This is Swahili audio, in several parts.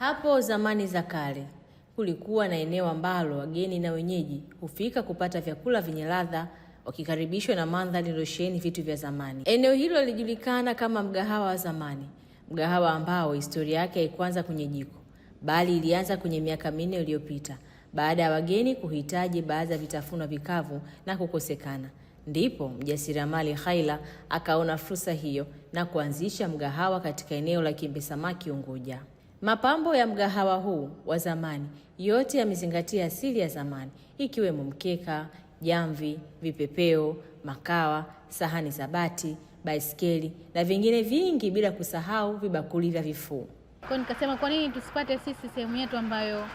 Hapo zamani za kale kulikuwa na eneo ambalo wageni na wenyeji hufika kupata vyakula vyenye ladha, wakikaribishwa na mandhari iliyosheheni vitu vya zamani. Eneo hilo lilijulikana kama mgahawa wa zamani, mgahawa ambao historia yake haikuanza kwenye jiko, bali ilianza kwenye miaka minne iliyopita baada ya wageni kuhitaji baadhi ya vitafunwa vikavu na kukosekana, ndipo mjasiriamali Khaila akaona fursa hiyo na kuanzisha mgahawa katika eneo la Kiembe Samaki Unguja. Mapambo ya mgahawa huu wa zamani yote yamezingatia asili ya zamani, ikiwemo mkeka, jamvi, vipepeo, makawa, sahani za bati, baiskeli na vingine vingi, bila kusahau vibakuli vya vifuu. Kwa nikasema kwa nini tusipate sisi sehemu yetu ambayo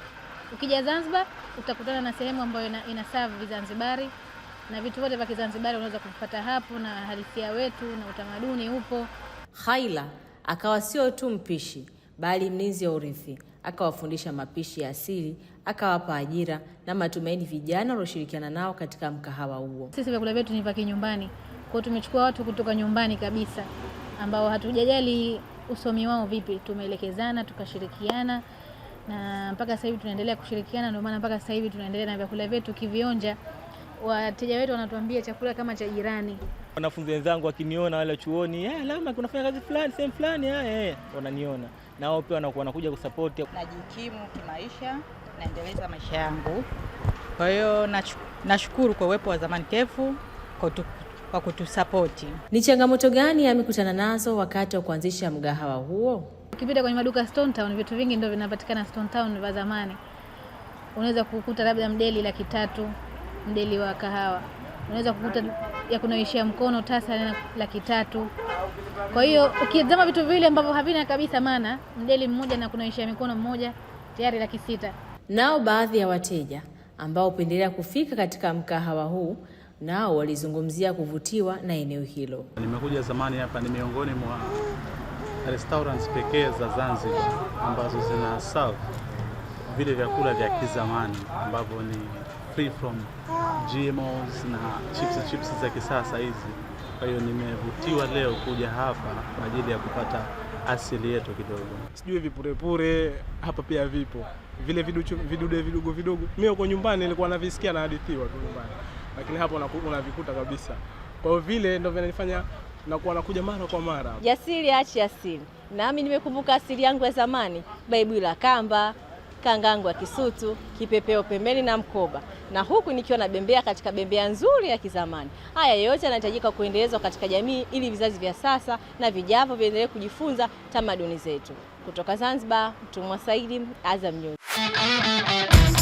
ukija Zanzibar utakutana na sehemu ambayo ina, ina serve vizanzibari na vitu vyote vya Kizanzibari unaweza kupata hapo, na halisia wetu na utamaduni upo. Khaila akawa sio tu mpishi bali mlinzi wa urithi, akawafundisha mapishi ya asili, akawapa ajira na matumaini vijana walioshirikiana nao katika mkahawa huo. Sisi vyakula vyetu ni vaki kinyumbani, kwao tumechukua watu kutoka nyumbani kabisa, ambao hatujajali usomi wao vipi, tumeelekezana tukashirikiana, na mpaka sasa hivi tunaendelea kushirikiana. Ndio maana mpaka sasa hivi tunaendelea na vyakula vyetu kivionja, wateja wetu wanatuambia chakula kama cha jirani. Wanafunzi wenzangu wakiniona wale chuoni, eh, Lama kunafanya kazi fulani sehemu fulani, eh, eh. wananiona na wao pia wanakuwa wanakuja kusupport. Najikimu kimaisha, naendeleza maisha yangu. Kwa hiyo nashukuru kwa uwepo wa Zamani Kefu kwa kwa kutusapoti. Ni changamoto gani amekutana nazo wakati wa kuanzisha mgahawa huo? Ukipita kwenye maduka Stone Town, vitu vingi ndio vinapatikana Stone Town vya zamani. Unaweza kukuta labda mdeli laki tatu, mdeli wa kahawa unaweza kukuta ya kunawishia mkono tasa laki tatu. Kwa hiyo ukizama vitu vile ambavyo havina kabisa maana, mdeli mmoja na kunawishia mikono mmoja tayari laki sita. Nao baadhi ya wateja ambao hupendelea kufika katika mkahawa huu nao walizungumzia kuvutiwa na eneo hilo. Nimekuja zamani hapa, ni miongoni mwa restaurants pekee za Zanzibar ambazo zina serve vile vyakula vya kizamani ambavyo ni free from GMOs na chips chips za kisasa hizi. Kwa hiyo nimevutiwa leo kuja hapa kwa ajili ya kupata asili yetu kidogo. Sijui vipurepure hapa pia vipo vile vidude vidudu vidogo vidogo. Mimi huko nyumbani nilikuwa navisikia na hadithiwa tu nyumbani, lakini hapa unavikuta kabisa. Kwa hiyo vile ndio vinanifanya nakuwa nakuja mara kwa mara. Jasiri achi asili, nami nimekumbuka asili yangu ya zamani, baibu la kamba kangangu ya kisutu, kipepeo pembeni na mkoba, na huku nikiwa na bembea katika bembea nzuri ya kizamani. Haya yote yanahitajika kuendelezwa katika jamii ili vizazi vya sasa na vijavyo viendelee kujifunza tamaduni zetu. Kutoka Zanzibar, Mtumwa Saidi, Azam News.